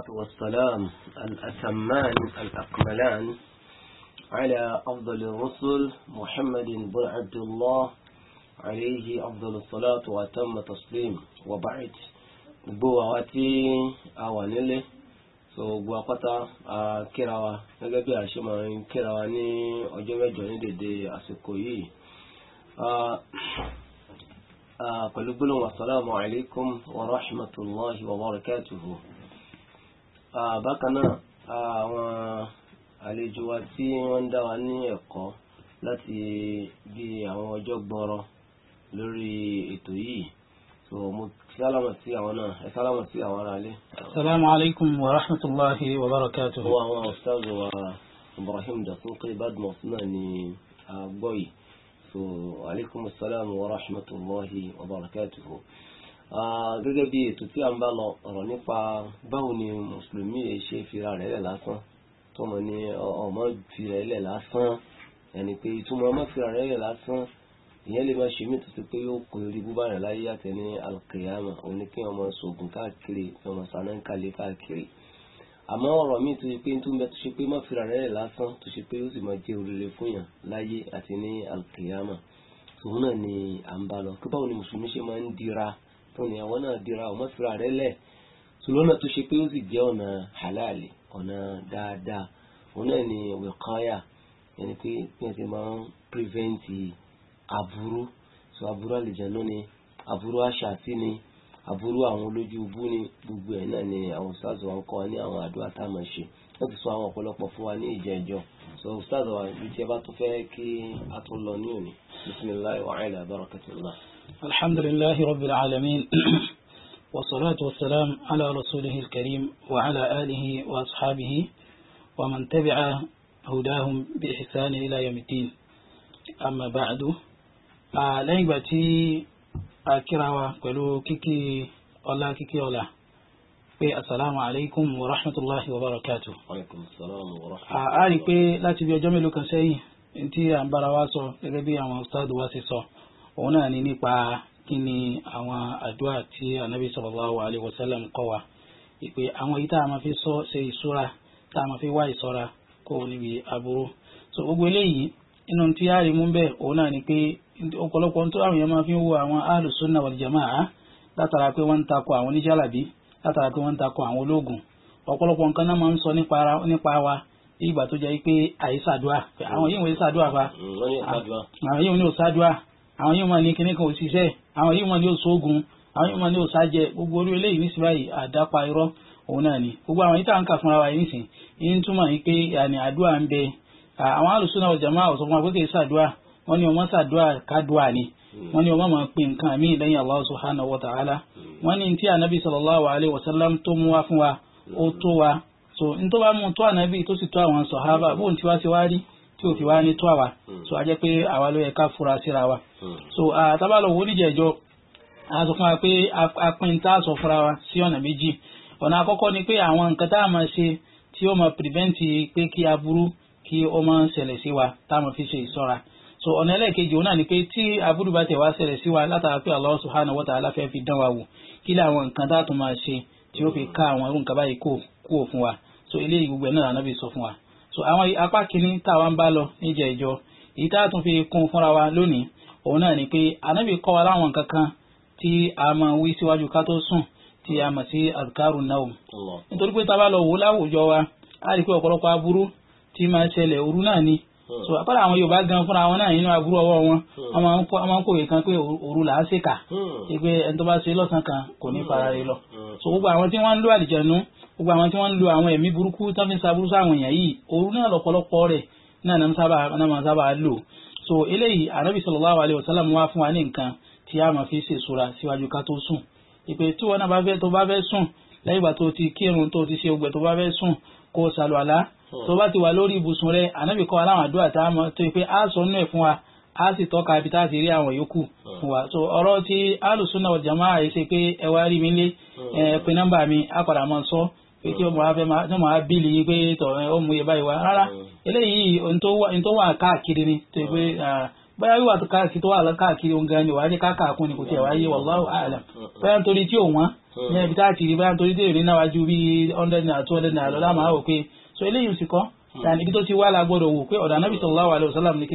الصلاة والسلام الأتمان الأكملان على أفضل الرسل محمد بن عبد الله عليه أفضل الصلاة وأتم تسليم وبعد بواتي أوانيلي so gbogbo apáta kíra wa gẹ́gẹ́ bí a ṣe máa ń kíra wa ní ọjọ́ mẹ́jọ ní dédé àsìkò yìí pẹ̀lú gbólóhùn assalamu alaikum wa rahmatullahi wa barakatuhu bákan náà àwọn àlejò wa tí wọ́n ń dá wa ní ẹ̀kọ́ láti bí àwọn ọjọ́ gbọ́rọ̀ lórí ètò yìí so mo sálámà sí àwọn náà ẹ sálámà sí àwọn ará ilé. asalaamu alaykum wa rahmatulahi wa barakatuhu. wọ́n àwọn ọ̀sáàzù wa ibrahim dakunke badmus náà ni a gbọ́ yìí so aleykum salaam wa rahmatulahi wa barakatuhu gẹ́gẹ́ bí ètò tí a ń bá lọ ọ̀rọ̀ nípa báwo ni mùsùlùmí yẹn ṣe fira rẹ̀ lẹ̀ lásán tọmọ ni ọmọ fira rẹ̀ lẹ̀ lásán ẹni pé ìtumọ̀ ọmọ fira rẹ̀ lẹ̀ lásán ìyẹn lè máa ṣe mí tuntun pé yóò kó orí búbá rẹ̀ láyé àtẹ ní alkiyama òun ni kí ọmọ sògùn káàkiri ọmọ sanáńkàlẹ̀ káàkiri àmọ́ ọ̀rọ̀ mi tó ṣe pé tó ń bẹ tó ṣe pé má fira rẹ̀ lásán tó ṣe pé ó sì máa jẹ́ oríire fún yàn láyé àti ní alkiyama tòun náà ni à ń bá lọ pé báwo ni mùsùlùmí ṣe máa ń dira fún ni àwọn náà dira ọmọ fira rẹ lẹ̀ so lọ́nà tó ṣe pé ó sì jẹ́ ọ̀nà halali ọ̀nà dáadáa òun náà ni wẹ̀kọ́yà ẹni pé bí wọ́n ti máa ń prevent aburú so aburú àlùjànnú ni aburú àṣàtì ni aburú àwọn olójú ubú ni gbogbo ẹ̀ náà ni àwọn ustaz wa ń kọ́ ní àwọn àdúrà tá a máa ṣe wọ́n ti sọ àwọn ọ̀pọ̀lọpọ̀ fún wa ní ìjẹ́jọ́ so ustaz wa bí tí ẹ bá tún fẹ́ kí a tún lọ ní òní bisimilayi wa ayi la الحمد لله رب العالمين والصلاة والسلام على رسوله الكريم وعلى آله وأصحابه ومن تبع هداهم بإحسان إلى يوم الدين أما بعد لن يبتي أكراوا قلو كيكي الله كيكي الله السلام عليكم ورحمة الله وبركاته وعليكم السلام ورحمة الله آلي بي لا تبيع جميل كسي انتي أمبارا واسو لغبي أما أستاذ واسي òun náà ni nípa kí ni àwọn àdúrà tí anabi sallallahu alaihi wasallam kọ́ wa ìpè àwọn yìí tá a máa fi sọ ṣe ìṣúra tá a máa fi wá ìṣọ́ra kó o níbi aburú so gbogbo eléyìí inú tí a rí mú bẹ́ẹ̀ òun náà ni pé ọ̀pọ̀lọpọ̀ tó àwọn èèyàn máa fi ń wo àwọn ahlus sunna wal jamaa látara pé wọ́n ń takò àwọn oníjàlábí látara pé wọ́n ń takò àwọn ológun ọ̀pọ̀lọpọ̀ nǹkan náà máa ń sọ nípa wa ìgbà tó jẹ́ pé àìsàdúà àwọn yìí ń wọ́n ṣàdúà fa mm, àwọn yìí ń wọ́n ṣàdúà àwọn yóò máa ní kinní kan ò ṣiṣẹ́ àwọn yóò máa ní òṣogun àwọn yóò máa ní òṣàjẹ gbogbo orí eléyìí nísìnyí báyìí àdápa irọ́ òun náà ni gbogbo àwọn yìí tá à ń kà fúnra wa yìí nísìn yìí ń túmọ̀ yìí pé àní àdúrà ń bẹ àwọn alùsùn náà jàmá ọ̀sọ̀ fún wa pé kì í ṣàdúrà wọ́n ní ọmọ ṣàdúrà kádùá ni hmm. wọ́n ní ọmọ máa pe nǹkan míì lẹ́yìn Allah subhanahu wa ta'ala hmm. wọ́n ní tí ànábì sallallahu alayhi wa sallam tó hmm. so n tó bá mú tó ànábì tó sì tó àwọn sàhábà bóun ti wá so a jẹ́ pé àwa so àtàbàlọ wo níjẹjọ a sọ fún wa sọ fúnra wa sí ọ̀nà méjì ọ̀nà àkọ́kọ́ ni pé àwọn nǹkan tá a máa ṣe tí ó máa prevent pé kí aburú kí ó máa ṣẹlẹ̀ sí wa tá a máa fi ṣe ìṣọ́ra so ọ̀nà ẹlẹ́ẹ̀kejì òun náà ni pé tí aburú bá tẹ̀ wá ṣẹlẹ̀ sí wa látara pé Allah subhanahu wa ta'ala fẹ́ fi dán wa wò kí lè àwọn nǹkan tá a tún máa ṣe tí ó fi ká àwọn irú nǹkan báyìí kú ò fún wa so eléyìí gbogbo ẹ̀ náà Ànábì sọ fún wa so àwọn apá kìíní táwa ń bá lọ níjẹ̀ ìjọ èyí tá a tún fi kún fúnra wa lónìí òun náà ni pé anábì kọ́ wa láwọn kankan tí a máa wí síwájú ká tó sùn tí a mọ̀ sí azkaru naum nítorí pé tá bá lọ wò láwùjọ wa a rí pé ọ̀pọ̀lọpọ̀ aburú tí máa ṣẹlẹ̀ òru náà ni hmm. so àpárá àwọn yorùbá gan fúnra wọn náà nínú aburú ọwọ́ wọn hmm. wọn máa ń kòwé kan pé òru là á ṣe kà hmm. pé ẹni tó bá ṣe lọ́sàn kan kò ní fara rẹ lọ so gbogbo àwọn tí wọ́n ń lo àlìjẹ̀nu gbogbo àwọn tí wọ́n ń lo àwọn ẹ̀mí burúkú tó fi ń sa burúkú sáwọn èèyàn yìí òru náà lọ́pọ̀lọpọ̀ rẹ̀ náà náà sábà lò so eléyìí ànábì sallallahu alayhi wa sallam wá fún wa ní nǹkan tí a máa fi ṣe ìṣura síwájú ká tó sùn ìpè tí wọn náà bá fẹ́ tó bá fẹ́ sùn lẹ́yìn ìgbà tó ti kírun tó ti ṣe ogbẹ tó bá fẹ́ sùn kó sàlù àlá hmm. tó bá ti wà lórí ibùsùn rẹ ànábì kọ́ aláwọn àdúrà tá a mọ̀ tó pé a sọ nínú ẹ̀ fún wa a sì tọ́ka ibi tá a ti rí àwọn yòókù hmm. fún wa so ọ̀rọ̀ tí alùsùn náà jàmáà yìí ṣe pé ẹ wá rí mi lé hmm. ẹ pé nọ́mbà mi á mọ́ sọ pé kí ọmọ afẹ́ máa ọmọ abílì pé tọ̀ ọmọ yẹ báyìí wá rárá mm. eléyìí ohun káàkiri ni tó pé mm. bóyá wíwà tó káàkiri tó wà káàkiri ohun gan ni wàá ní káàkiri ni kò tiẹ̀ wáyé mm. wallahu a'lam bóyá nítorí tí òun ní ẹbí tá a ti rí nítorí tí èrè náà bíi hundred naira two hundred naira so eléyìí sì kọ́ yàní ibi tó ti wá la gbọ́dọ̀ wò pé ọ̀dọ̀ anábì sallallahu alaihi wasallam ní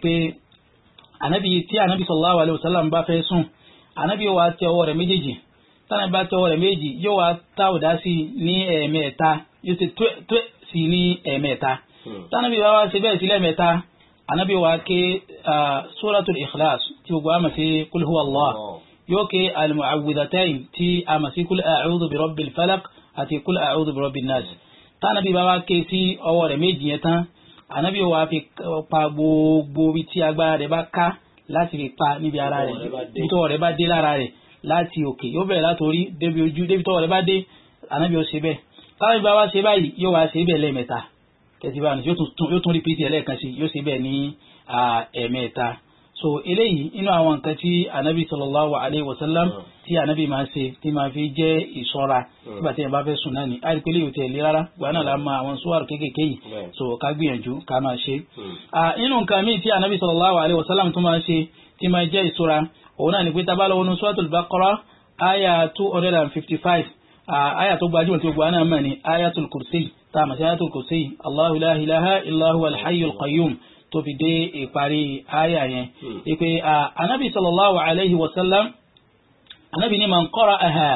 kíní ànábì tí ànábì sallallahu alaihi wasallam bá fẹ́ sùn ànábì yóò wá tẹ ọwọ́ rẹ̀ méjèèjì tánà bá tẹ ọwọ́ rẹ̀ méjèèjì yóò wá tá ọ̀dá sí ní ẹ̀ẹ̀mẹ́ta yóò ti tó sí ní ẹ̀ẹ̀mẹ́ta tánà bí wàá ṣe bẹ́ẹ̀ sí lẹ́ẹ̀mẹ́ta ànábì yóò wá ké suratul ikhlas tí gbogbo àmọ̀ sí qul huwa Allah yóò ké al-mu'awwidhatayn tí àmọ̀ sí qul a'udhu bi rabbil falaq àti qul a'udhu bi rabbin nas tánà bí wàá ké sí ọwọ́ rẹ̀ méjì yẹn tán ànábì wa fi pa gbogbo ibi tí agbára rẹ̀ bá ká láti fi pa níbi ara rẹ̀ ibi tọ́wọ́ rẹ̀ bá dé lára rẹ̀ láti òkè yóò bẹ̀rẹ̀ látòrí débi ojú débi tọ́wọ́ rẹ̀ bá dé ànábì ó ṣe bẹ́ẹ̀ táwọn ìgbà wá ṣe báyìí yóò wá ṣe bẹ́ẹ̀ lẹ́ẹ̀mẹ́ta kẹsì yóò tún repeat ẹlẹ́ẹ̀kan sí yóò ṣe bẹ́ẹ̀ ní ẹ̀ẹ̀mẹ́ta so eléyìí inú àwọn nǹkan tí anabi sallallahu alayhi wa sallam hmm. tí anabi máa ṣe tí máa fi jẹ́ ìṣọ́ra hmm. nígbà tí yẹn bá fẹ́ sùn náà ni àìpé lè tẹ̀ lé rárá gbà náà la hmm. máa àwọn suwaru kéékèèké yìí so ká gbìyànjú ká máa ṣe. inú nǹkan míì tí anabi sallallahu alayhi wa sallam tó máa ṣe tí máa jẹ́ ìṣọ́ra òun náà ni pé tá bá lọ wọnú aya two hundred and fifty five aya tó gbajúmọ̀ tí gbogbo àná mọ̀ ni ayatul kursi tá a mọ̀ ayatul kursi allahu la ilaha illa huwa al tó fi dé ìparí àyà yẹn hmm. ìpè anabi sallallahu alayhi wa sallam anabi ni man qara'aha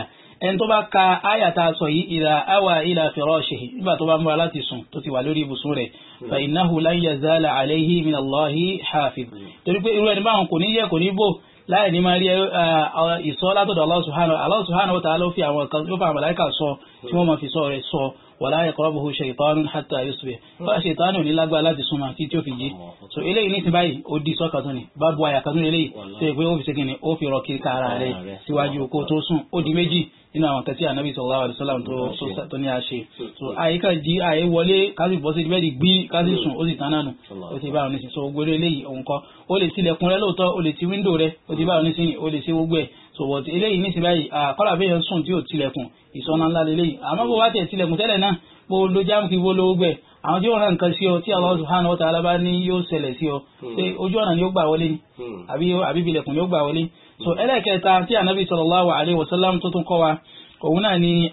ẹni tó bá ka àyà tá a sọ yìí ìlà awa ìlà firashihi nígbà tó bá ń bọ̀ láti sùn tó ti wà lórí ibùsùn rẹ̀ hmm. fa innahu lan yazala alayhi min allahi hmm. torí pé irú ẹni báwọn kò ní yẹ kò ní bò láì ní máa rí eh, eh, ìsọ́ látọ̀dọ̀ Allah subhanahu Allah subhanahu wa ta'ala ló fi àwọn kan ló fa màláíkà sọ tí wọ́n máa fi sọ rẹ̀ sọ wala yaqrabuhu shaytanun hatta yusbih wọ́n ṣètánù ní lágbára láti súnmọ́ àti tí ó fi jí so eléyìí ní ti báyìí ó di sọ́kà tó ní bá bu àyà kan tó ní eléyìí tó yẹ pé ó fi ṣe ni ó fi rọ kiri kára rẹ̀ síwájú kó tó sùn ó di méjì nínú àwọn kẹsí ànábì sallallahu alaihi wasallam tó ní àṣe so àyíká di àyè wọlé kásì bọ́ sí bẹ́ẹ̀ di gbí kásì sùn ó sì tán nánu ó ti bá àwọn oníṣìn so gbogbo eléyìí òun kọ́ ó lè tilẹ̀kùn rẹ lóòótọ́ ó lè ti wíńdò rẹ ó ti bá àwọn oníṣìn ó lè ṣe gbogbo ẹ̀ so but eléyìí ní ìsìnbáyìí àkọ́lá bẹ́ẹ̀ yẹn sùn tí ò tilẹ̀kùn ìsọ̀nà ńlá lélẹ́yìí àmọ́ bó wá tẹ̀ tilẹ̀kùn tẹ́lẹ̀ náà bó ló jáàmù ti wó lówó gbẹ̀ àwọn tí ó hàn kan sí ọ tí Allah subhanahu wa ta'ala bá ní yóò ṣẹlẹ̀ sí ọ pé hmm. ojú ọ̀nà ni ó gbà wọlé ni hmm. àbí àbí bilẹ̀kùn ni ó gbà wọlé so ẹlẹ́ẹ̀kẹta tí anabi sallallahu alayhi wa sallam tó tún kọ́ wa òun náà ni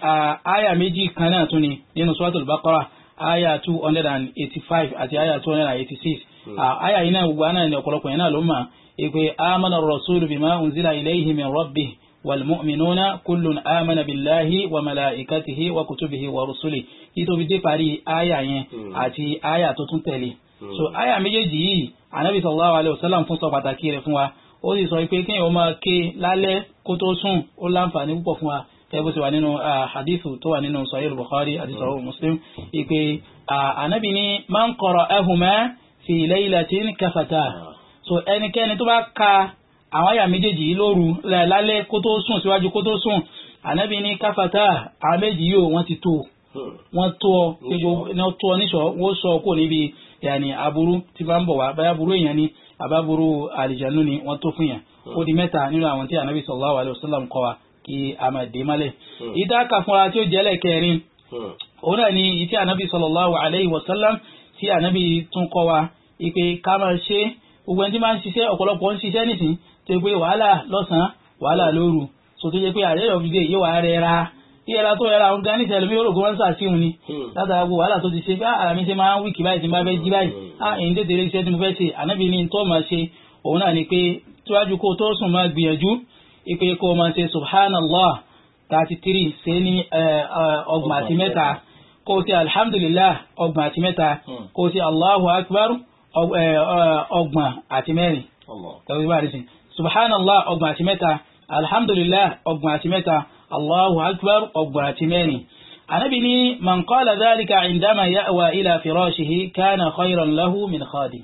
àyà méjì kan náà tún ni nínú suratul baqara àyà two hundred and eighty five àti àyà two hundred and eighty six hmm. àyà yìí náà gbogbo àná ni ọ̀pọ̀lọpọ̀ yẹn náà ló mà ìpè amana rasulu bima unzila ilayhi min rabbih والمؤمنون كل آمن بالله وملائكته وكتبه ورسله ito fi dé parí aya yẹn hmm. àti aya tó tún hmm. so aya méjèèjì yìí anabi sallallahu alayhi wa sallam fún sọ pàtàkì rẹ̀ fún wa ó sì sọ pé kéèyàn máa ké lálẹ́ kó tó sùn ó láǹfààní púpọ̀ fún wa tẹ́gbó ti wà nínú hadithu tó wà nínú sahih bukhari àti sahih muslim ìpè ànábì ní man qara'ahuma fi laylatin kafata so ẹnikẹ́ni tó bá ka àwọn àyà méjèèjì lóru lálẹ́ kó tó sùn síwájú kó tó sùn ànábì ní káfàtà àwọn méjì yóò wọ́n ti tó wọ́n tó ọ ní tó ọ níṣọ́ wọ́n sọ kó níbi yàní aburú tí bá ń bọ̀ wá báyà burú èèyàn ni Ababuru àlìjánu ni wọ́n tó fún yàn ó di mẹ́ta nínú àwọn tí anabi sallallahu alayhi wa sallam kọ́ wa kí a máa dé mọ́lẹ̀. Hmm. ìdáka fúnra tí ó jẹ́lẹ̀ kẹrin hmm. òun náà ni ìtí anabi sallallahu alayhi wa sallam tí anabi tún kọ́ wa ipe ká máa ṣe gbogbo ẹni tí máa ń ṣiṣẹ́ ọ̀pọ̀lọpọ̀ ń ṣiṣẹ́ nìsín tó yẹ pé wàhálà lọ́sàn-án wàhálà lóru so tó pé àrẹ́yọ̀ fi dé yóò rẹ̀ ra kí ẹra tó ẹra àwọn granite ẹlòmí ológun wọn sà síhun ni hmm. látara gbogbo wàhálà tó ti ṣe bá ara ah, mi ṣe máa ń wíkì báyìí tí n bá fẹ́ jí báyìí á hmm. èyí ah, tètè rí iṣẹ́ tí mo fẹ́ ṣe ànábì ní tó máa ṣe òun náà ni pé tíwájú kó tó sùn máa gbìyànjú ìpè kó máa ṣe subhanallah thirty three ṣe ní ọgbọ̀n àti mẹ́ta kó ṣe alhamdulillah ọgbọ̀n àti mẹ́ta hmm. kó ṣe allahu akbar ọgbọ̀n àti mẹ́rin subhanallah ọgbọ̀n àti mẹ́ta alhamdulillah ọgbọ̀n àti mẹ́ta allahu akbar ọgbà àti mẹ́rin anabi ni man qala dhalika indama ya'wa ila firashihi kana khayran lahu min khadim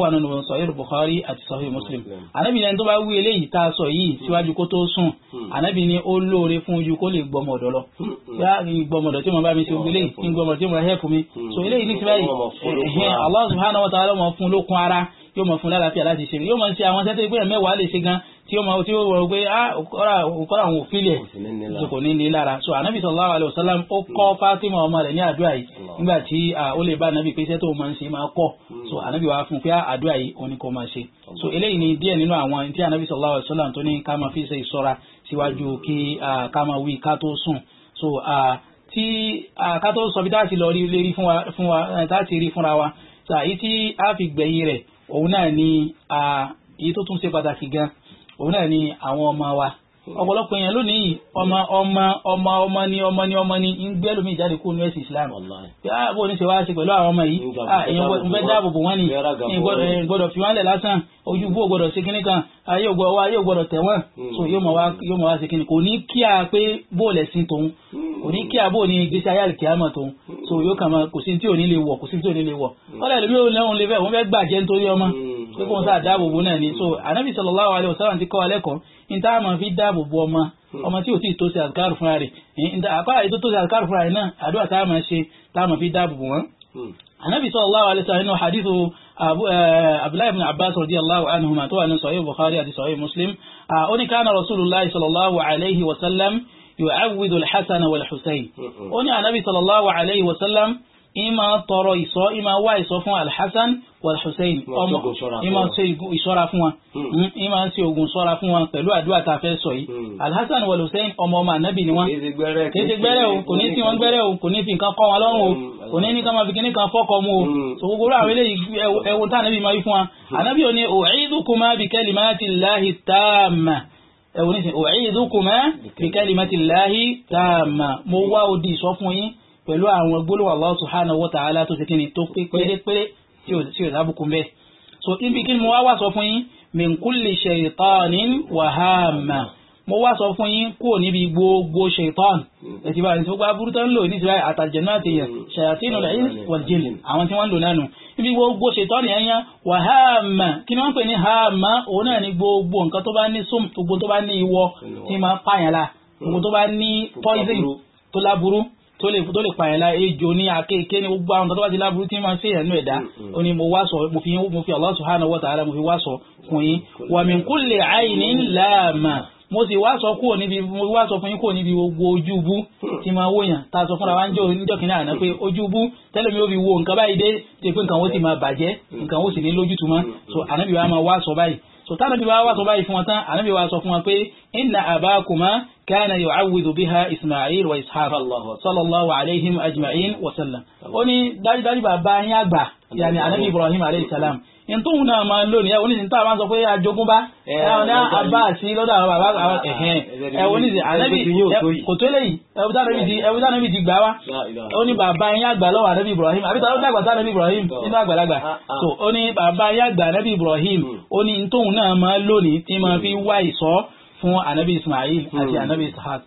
wà nínú sahih bukhari àti sahih muslim anabi ni ẹni tó bá wí eléyìí tá a sọ yìí hmm. síwájú kó tó sùn anabi hmm. ni ó lóore fún ojú kó yóò mọ̀ fún lálàáfíà láti ṣe yóò mọ̀ ṣe àwọn sẹ́tẹ̀ pé mẹ́wàá lè ṣe gan tí ó mọ̀ tí ó wọ̀ pé ah, kọ́ra àwọn òfìlẹ̀ kò ní ní lára so anabi sallallahu alayhi wa sallam ó kọ́ hmm. fatima ọmọ rẹ̀ ní àdúrà yìí nígbà tí ó lè bá anabi pé iṣẹ́ tó máa ń ṣe máa pọ̀ hmm. so anabi wàá fún pé ah, àdúrà yìí ó ní kó máa ṣe so eléyìí ni díẹ̀ nínú àwọn tí anabi sallallahu alayhi wa sallam tó ní ká máa fi ṣe ìṣọ́ra síwájú hmm. kí ká máa wí ká tó sùn so tí ká tó sọ bí táà sì lọ rí fún wa táà sì rí fúnra wa so àyí tí a fi gbẹ̀yìn rẹ̀ òun náà ni èyí tó tún ṣe pàtàkì gan òun náà ni àwọn ọmọ wa ọ̀pọ̀lọpọ̀ èèyàn lónìí ọmọ ọmọ ọmọ ọmọ ni ọmọ ni ọmọ ni ń gbé lómi ìjáde kó nu ẹ̀sìn Islam bí a bò ní ṣe wá ṣe pẹ̀lú àwọn ọmọ yìí ah, èèyàn ń fẹ́ dáàbò bò wọ́n ni gbọ́dọ̀ fi wọ́n lẹ̀ lásán ojú bó gbọ́dọ̀ ṣe kíní kan ayé ògbọ́ wa ayé ògbọ́dọ̀ tẹ̀ wọ́n hmm. so yóò mọ̀ wá yóò mọ̀ wá ṣe kíní kò ní kí a pé bó lẹ̀ sí tòun kò ní kí a bó ní gbèsè ayé àlùkí àmọ̀ tòun so yóò kàn máa kò sí tí ò ní lè pé kò ń sáà dáàbò bo náà ni so anabi sallallahu alayhi wa sallam ti kọ́ wa lẹ́kọ̀ọ́ ní tá a máa fi dáàbò bo ọmọ ọmọ tí ò tí ì tó ṣe àkàrù fúnra rẹ̀ ní apá ètò tó ṣe àkàrù fúnra rẹ̀ náà àdúrà tá a máa ṣe tá a máa fi dáàbò bo wọn. anabi hmm. sallallahu alayhi wa sallam nínú hadithu eh, abdullahi ibn abbas radiyallahu anhu ma tó wà ní sahih bukhari àti sahih muslim ah, ó ní kánà rasulillah sallallahu alayhi wa sallam yu'awwidu al-hasan wal-husayn hmm, hmm. ó ní anabi sallallahu alayhi wa sallam ìmọ̀ tọrọ ìṣọ́ ìmọ̀ wá ìṣọ́ fún alhassan walhussein ọmọ ìmọ̀ ṣe ìṣọ́ra fún wọn ìmọ̀ hmm. hmm. ṣe ogun ṣọ́ra fún wọn pẹ̀lú àdúrà tá a fẹ́ sọ yìí hmm. alhassan walhussein ọmọ ọmọ ànábì ni wọn kéde gbẹ́rẹ́ o kò ní tí wọ́n gbẹ́rẹ́ o kò ní fi nǹkan kọ́ wọn lọ́rùn o kò ní ní ká máa fi kíní kan fọ́kọ mu o so àwọn eléyìí ẹwọ tá ànábì máa wí fún wa ànábì ò ní u'idukuma bi kalimati llahi tamma ẹwọ ní sìn u'idukuma bi kalimati llahi tamma mo wá odi ìṣọ́ fún yín pẹ̀lú àwọn gbólóhùn Allah subhanahu wa ta'ala tó ṣe kíni tó pé pérépéré tí ò lábùkún bẹ́ẹ̀ so ibi kí mo wá wá sọ fún yín min kulli shaytanin wa mo wá sọ fún yín kúrò níbi gbogbo shaitan ẹ̀sì bá ìṣẹ́ gbogbo aburú ń lò ní ìṣẹ́ àtàjẹ̀nú àti èèyàn shayatin al-ins wal jinn àwọn tí wọ́n ń lò nánu níbi gbogbo shaitan yẹn yẹn kí ni wọ́n pè ní háàmà òun náà ni gbogbo nǹkan tó bá ní sum gbogbo tó bá ní ìwọ tí máa pààyàn la gbogbo tó bá ní poison tó láburú tó lè tó lè pààyàn la ejò ní akéèké ní gbogbo àwọn tó láburú tí máa ń ṣèyàn nínú ẹ̀dá ó ní mo wá sọ mo fi mo fi Allah subhanahu wa ta'ala mo fi wá sọ fún yín wa min kulli aynin laama mo sì wá sọ kúrò níbi mo wá sọ fún yín kúrò níbi gbogbo ojúbú tí máa wòyàn tá a sọ fúnra wa ń jọ níjọ́ kìnìún àná pé ojúbú tẹ́lẹ̀ mi ò fi wo nǹkan báyìí dé ṣe pé nǹkan ó sì máa bàjẹ́ nǹkan ó sì ní lójútùú mọ́ so ànábì wa máa wá sọ báyìí so tánàbí wa wá sọ báyìí fún wọn tán ànábì wa sọ fún wọn pé inna abakuma كان يعوذ بها إسماعيل وإسحاق الله صلى الله عليهم أجمعين وسلم وني داري داري بابا يابا يعني على إبراهيم عليه السلام ntòun náà máa ń lò nìyẹn oníṣẹ́ níta máa ń sọ pé àjogún bá ẹ̀hún náà àbá àti lọ́dọ̀ àwọn bàbá àwọn ẹ̀hẹ́n ẹ̀wọ̀n ní ànábì kò tó lẹ́yìn ẹ̀wọ̀n tí ànábì ti gbà wá ó ní bàbá yín àgbà lọ́wọ́ ànábì Ibrahim àbí tàbí dàgbà sí ànábì Ibrahim nínú àgbàlagbà so ó ní bàbá yín àgbà ànábì Ibrahim ó ní ntòun náà máa ń lò ní tí máa fi wá ìsọ́ fún anabi ismail àti anabi hmm. ishaq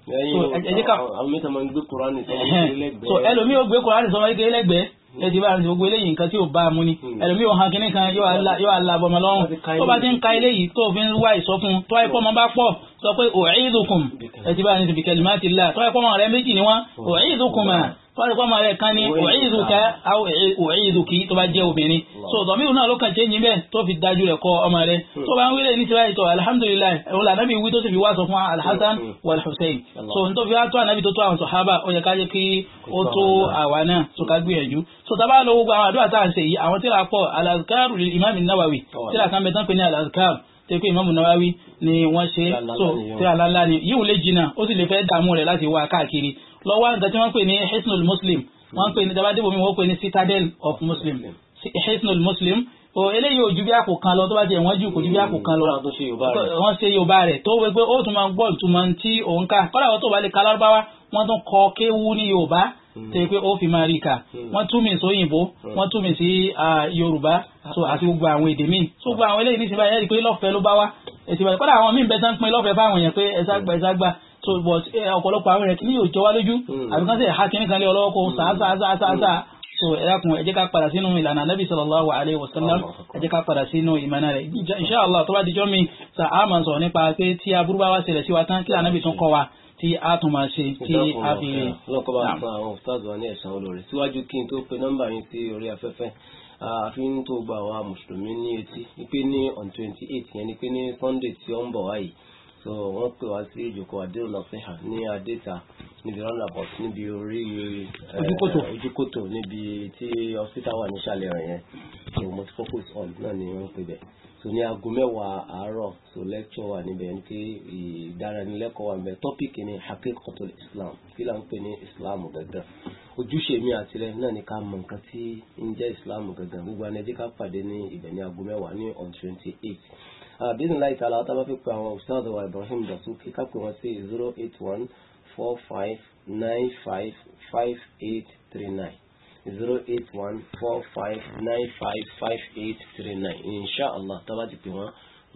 so ẹlòmí ò gbé kùránì sọmọ ike lẹ́gbẹ̀ẹ́ ẹtì bá àti gbogbo eléyìí nǹkan tí ò bá a mú ni hmm. ẹlòmí ò hàn kínní kan yóò alábọmọ lọ́rùn tó bá ti ń ka eléyìí tó fi ń wá ìsọfún tó wáyé pọ́ ọmọ bá pọ̀ sọ pé ò'idhukum ẹtì bá àti bìkẹ́lìmá ti là tó wáyé pọ́ ọmọ rẹ méjì ni wọ́n ò'idhukum hmm. à wọ́n ti kọ́ ọmọ rẹ̀ kan ní òyìnbùkẹ́ òyìnbùkì tó bá jẹ́ obìnrin so dọ̀míwù náà ló kàn ṣe yín bẹ́ẹ̀ tó fi dájú rẹ̀ kọ́ ọmọ rẹ̀ hmm. tó bá ń wílẹ̀ ní tíra ìtọ̀ alhamdulillah ọ̀la anábì wí tó sì fi wá sọ fún alhassan hmm. hmm. wal hussein so n tó fi wá tó anábì tó tó àwọn sọ̀hábà ó yẹ ká jẹ́ kí ó tó àwa náà so ká gbìyànjú so tá a bá lọ gbogbo àwọn àdúrà tá à ń ṣe yìí àwọn tíra pọ̀ alazkaru imáàmì náwàwì tíra kan bẹ tán pé ní alazkaru tẹ́kọ̀ Imam Nawawi ni wọ́n ṣe so tí aláńlá ni yíò lè jìnnà ó sì lè fẹ́ dààmú rẹ̀ láti wá káàkiri lọ wá nǹkan tí wọ́n pè ní hisnul muslim wọ́n pè ní dabadebo mi wọ́n pè ní citadel of muslim hisnul muslim o eléyìí ò ju bí àpò kan lọ tó bá jẹ wọ́n jù kò ju bí àpò kan lọ wọ́n ṣe yorùbá rẹ̀ tó wẹ́ pé ó tún máa ń gbọ́ ìtumọ̀ tí òun kà kọ́lá wọn tó bá lè ka lárúbáwá wọ́n tún kọ kéwú ní yorùbá hmm. tẹ́ pé ó fi máa rí ka hmm. wọ́n túmì sóyìnbó hmm. wọ́n túmì sí yorùbá àti gbogbo àwọn èdè míì tó gbogbo àwọn eléyìí ní sinmi ayẹ́rì pé lọ́fẹ̀ẹ́ ló bá wá kọ́lá àwọn míì bẹ́ẹ̀ so but eh, ọ̀pọ̀lọpọ̀ àwọn ẹ̀rẹ̀ kí ni yóò jọ wá lójú hmm. àbíkánṣe ha kínní kan lé ọlọ́wọ́ kó sàásàásàásà hmm. so ẹ dákun ẹ jẹ́ ká padà sínú ìlànà anábì sallallahu alayhi wa sallam ẹ jẹ́ ká padà sínú ìmọ̀nà rẹ̀ insha tó bá dijọ́ mi sa a máa sọ̀rọ̀ nípa pé tí aburú bá wá ṣẹlẹ̀ sí wa tán kí anábì tún kọ́ wa tí a tún máa ṣe tí a fi rè. ọlọ́kọ̀ bá fún àwọn ustaz wa ní ẹ̀sán olóore síwájú kí n tó pe nọ́mbà yín sí orí afẹ́fẹ́ àfi ń tó gba àwa mùsùlùmí ní etí ní pé ní on twenty eight yẹn ni pé ní Sunday tí ó ń bọ̀ wáyìí so wọ́n pè wá sí ìjókòó àdéhùn nasiha ní adéta níbi roundabout níbi orí eh, ojúkòtò níbi tí hospital wà nísàlẹ̀ rẹ̀ yẹn so multi purpose hall náà ni wọ́n pè bẹ̀ so ní aago mẹ́wàá àárọ̀ so lecture wà níbẹ̀ ní pé ìdánilẹ́kọ̀ọ́ wà níbẹ̀ topic ni hakikatul islam kí là ń pè ní islam gẹ́gẹ́ ojúṣe mi àti rẹ náà ni ká mọ nǹkan tí ń jẹ́ islam gẹ́gẹ́ gbogbo anẹ́jẹ́ ká pàdé ní ibẹ̀ ní aago mẹ́wàá ní on twenty eight bísí láì tààlà tá a bá fi pe àwọn ustaz wa Ibrahim Dasuki ká pè wọ́n sí zero eight one four five nine five five eight three nine zero eight one four five nine five five eight three nine inshallah tá a bá ti pè wọ́n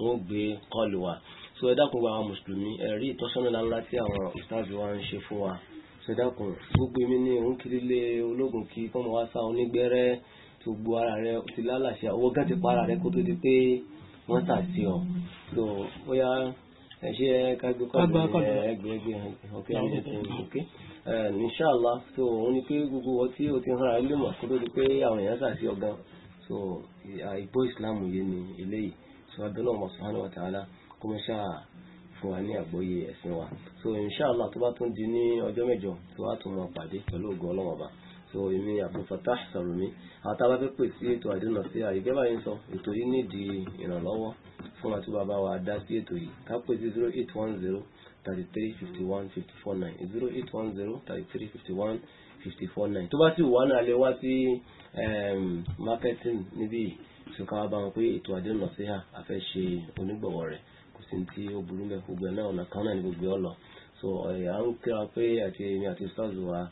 wọ́n gbé kọ́ọ̀lù wa so ẹ dákun àwọn mùsùlùmí ẹ̀rí ìtọ́sọ́nà ńláńlá tí àwọn ustaz wa ń ṣe fún wa so ẹ dákun gbogbo mi ní òun kiri lé ológun kí wọ́n tà sí ọ so bóyá ẹ ṣe kágbé kọlù ẹgbẹgbẹ ọkẹ ọkẹ so òun ni pé gbogbo wọn tí o ti hàn án ilé mọ̀ kó tó di pé àwọn èèyàn tà sí ọgán so ìgbó ìsìláàmù yé ni eléyìí so abẹ́lẹ́ wa ta'ala kó mọ ṣáà fún wa so tó bá tún di ní ọjọ́ mẹ́jọ tó pàdé so èmi àbúfàtà sàrùmí àwọn tá a bá fẹ́ pè sí ètò àdínà sí àyíkẹ́ báyìí ń sọ ètò yìí nídìí ìrànlọ́wọ́ fún àti bàbá wa dá sí ètò yìí ká pè sí zero eight one zero thirty three fifty one fifty four nine zero eight one zero thirty three fifty one fifty four nine tó bá sì wà náà lè wá sí ehm, marketing níbí ìṣúká wa bá wọn pé ètò àdínà sí à àfẹ́ ṣe onígbọ̀wọ́ rẹ̀ kò sí ti ó burú mẹ́ gbogbo ẹ̀ náà ọ̀nà kan náà ní gbogbo ọ̀ lọ so à ń kíra pé àti èmi àti stars wa.